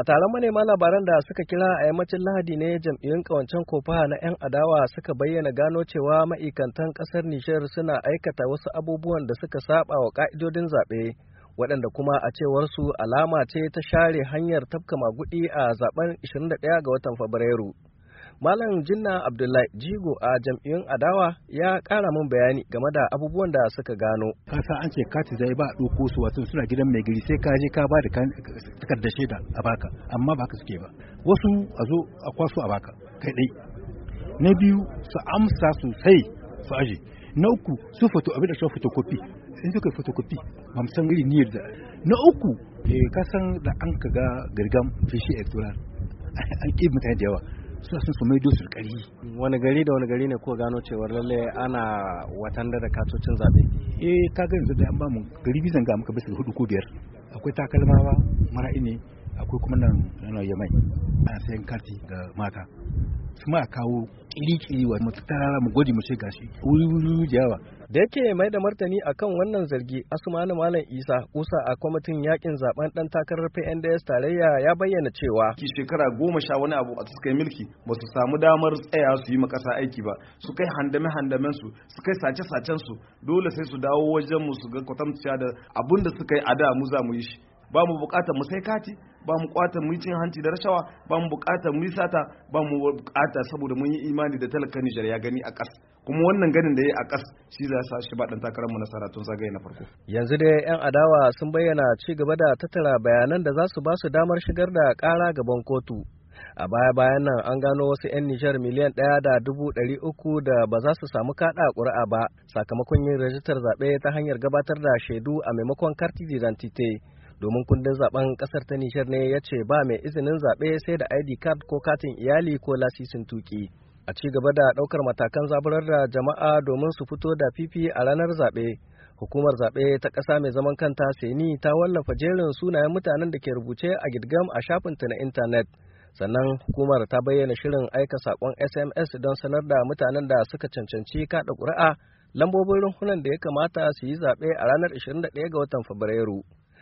A taron manema labaran da suka kira a yammacin Lahadi ne jam'iyyun ƙawancen kofa na 'yan adawa suka bayyana gano cewa ma'ikantan ƙasar Nijar suna aikata wasu abubuwan da suka saba wa ƙa'idodin zaɓe, waɗanda kuma a cewar su alama ce ta share hanyar tafka maguɗi a zaben 21 ga watan Fabrairu. Malam Jinna Abdullahi Jigo a jam'iyyun adawa ya ƙara min bayani game da abubuwan da suka gano. Ka sa an ce kati zai ba ɗauko su wato suna gidan mai gari sai ka je ka ba da takardar shaida a baka amma baka suke ba. Wasu a zo a kwaso a baka kai ɗai. Na biyu su amsa sosai su aje. Na uku su foto abin da fito kofi. in suka fotokofi ba mu san irin niyyar da. Na uku eh, ka san da an ka ga gargam fishi electoral an ƙi mutane da yawa. suna sun su mai su wani gari da wani gari ne ko gano cewar lalle ana watan da katocin zabe eh ka ga yanzu da an ba mu gari bizan ga muka bisa hudu ko biyar akwai takalmawa mara ne akwai kuma nan nan yamai ana sayan kati ga mata suna kawo kiri-kiri wa matattara mu gwaji mu gashi wuri-wuri jawa da yake mai da martani akan wannan zargi asmanu malam isa kusa a kwamitin yakin zaben dan takarar pnds tarayya ya bayyana cewa ki shekara goma sha wani abu a suka yi mulki ba su samu damar tsaya su yi makasa aiki ba su kai handame handamen su su kai sace sacen su dole sai su dawo wajen mu su ga kwatamciya da abin da suka yi a da mu za mu yi shi ba mu bukatar mu sai kati ba mu bukatar mu cin hanci da rashawa ba mu bukatar mu sata ba mu bukatar saboda mun yi imani da talakan Nijar ya gani a kas kuma wannan ganin da ya a kas shi za sa shi ba dan takarar mu nasara tun zagaye na farko yanzu dai yan adawa sun bayyana ci gaba da tattara bayanan da za su ba su damar shigar da kara gaban kotu a baya bayan nan an gano wasu 'yan nijar miliyan ɗaya da dubu ɗari uku da ba za su samu kaɗa ƙuri'a ba sakamakon yin rajistar zaɓe ta hanyar gabatar da shaidu a maimakon karti domin kundin zaben kasar ta nishar ne ya ce ba mai izinin zaɓe sai da id card ko katin iyali ko lasisin tuki a ci gaba da ɗaukar matakan zaburar da jama'a domin su fito da fifi a ranar zaɓe hukumar zaɓe ta ƙasa mai zaman kanta seni ta wallafa jerin sunayen mutanen da ke rubuce a gidgam a shafinta na intanet sannan hukumar ta bayyana shirin aika saƙon sms don sanar da mutanen da suka cancanci kaɗa ƙuri'a lambobin runhunan da ya kamata su yi zaɓe a ranar 21 ga watan fabrairu